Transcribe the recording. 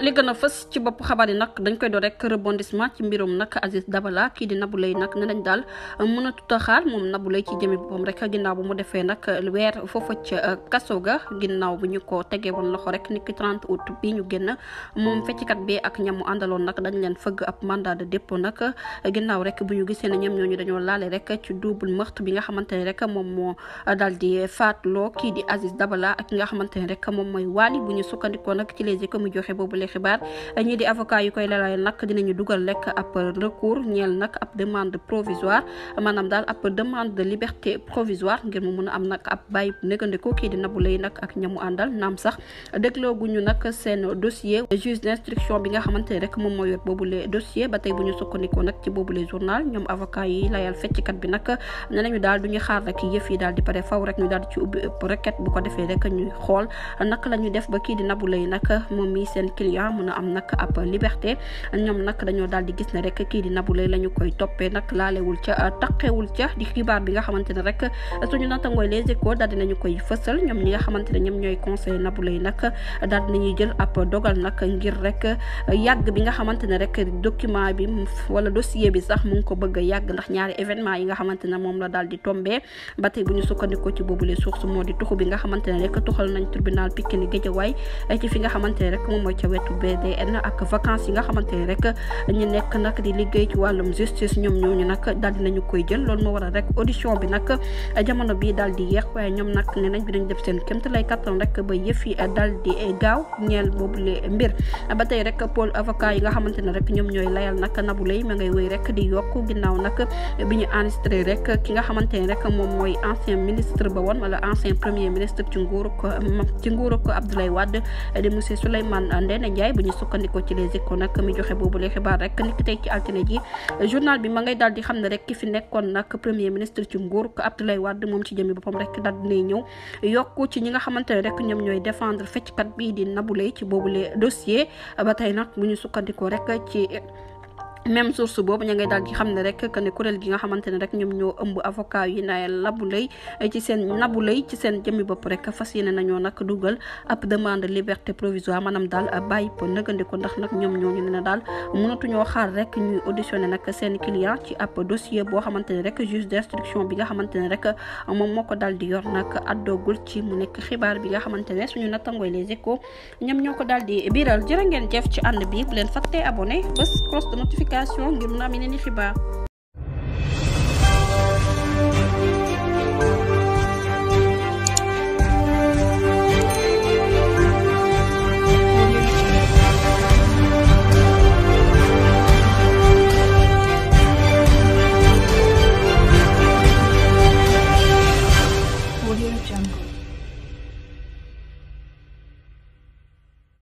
li fës ci bopp xabaar yi nag dañ koy do rek rebondissement ci mbirum nag Aziz Dabala kii di Nabou Leye nag ne nañ daal mën a tutaxaar moom Nabou Leye ci jëmi boppam rek ginnaaw bu mu defee nag weer foofa ca euh, kaso ga ginnaaw bu ñu ko tegee woon loxo rek ni ki 30 août bi ñu génn moom fecckat bi ak ñamu àndaloon nag dañ leen fëgg ab mandat de dépôt nag ginnaaw rek bu ñu gisee ne ñoom ñu dañoo laale rek ci double meurtre bi nga xamante ne rek moom moo daal di faatloo kii di Aziz Dabala ak ki nga xamante ne rek moom mooy Wally bu ñu sukkandikoo nak ci les échos mu joxe boobu boobu li xibaar ñii di avocat yu koy lelay lakk dinañu dugal lekk ab recours ñeel nag ab demande provisoire maanaam daal ab demande de liberté provisoire ngir mu mun a am nag ab bàyyi négandiku kii di Nabou Leye nag ak ñamu àndal naam sax déglooguñu nag seen dossier juge d'instruction bi nga xamante ne rek moom moo yor boobule dossier ba tey bu ñu sukkandikoo nag ci boobule journal ñoom avocat yi layal fecckat bi nag ne nañu daal du ñu xaar rek yëf yi daal di pare faw rek ñu daal ci ubbi requête bu ko defee rek ñu xool naka la ñu def ba kii di Nabou Leye nag moom mi seen client mun a am nag ab liberté ñoom nag dañoo daal di gis ne rek kii di Nabou Leye la ñu koy toppee nag laalewul ca euh, taqewul ca di xibaar bi nga xamante ne rek suñu nattangooy les échos daal dinañu koy fësal ñoom ñi nga xamante ne ñoom ñooy conseil Nabou Leye nag daal dinañuy jël ab dogal nag ngir rek yàgg bi nga xamante ne rek document bi wala dossier bi sax mu ko bëgg yàgg ndax ñaari événement yi nga xamante ne moom la daal di tombé ba tey bu ñu sukkandikoo ci boobu les sources moo di tuxu bi nga xamante ne rek tuxal nañ tribunal Pikine Guédiawaye ci fi nga xamante ne rek moom mooy ca wetu BDN ak vacances yi nga xamante ne rek ñu nekk nag di liggéey ci wàllum justice ñoom ñooñu nag daal dinañu koy jël loolu moo waral rek audition bi nag jamono bi daal di yeex waaye ñoom nag ne nañ bi dañ def seen kémt lay ba yëf yi daal di gaaw ñeel boobule mbir ba tey rek pôle avocat yi nga xamante ne rek ñoom ñooy layal nag Nabou Leye ma ngay wéy rek di yokk ginnaaw nag bi ñu enregistré rek ki nga xamante ne rek moom mooy ancien ministre ba woon wala ancien premier ministre ci nguuruk ci nguuruk Abdoulaye Wade di Ngoné Ndiaye bu ñu sukkandikoo ci les échos nag mi joxe boobu les xibaar rek nit tey ci altine ji journal bi ma ngay daal di xam ne rek fi nekkoon nag premier ministre ci nguur ko Abdoulaye Wade moom ci jëmi boppam rek daal dinay ñëw yokku ci ñi nga xamante rek ñoom ñooy défendre fecckat bi di Nabou Leye ci boobu les dossier ba tey nag bu ñu sukkandikoo rek même source boobu ña ngay daal di oh. xam ne rek que ne kuréel gi nga xamante ne rek ñoom ñoo ëmb avocat yi na Nabou Leye eh, ci seen Nabou oh. Leye ci seen jëmmi bopp rek fas yéene nañoo nag dugal ab demande liberté provisoire maanaam daal bàyyi ko nëgandiko ndax nag ñoom ñoo ñu ne daal mënatuñoo xaar rek ñuy auditionné nag seen client ci ab dossier boo xamante ne rek juge d'instruction bi nga xamante ne rek moom moo ko daal di yor nag àddoogul ci mu nekk xibaar bi nga xamante ne suñu nattangooy les ko ñoom ñoo ko daal di biiral jërë ngeen jëf ci ànd bi bu leen fàttee abonné bés notification ngir mën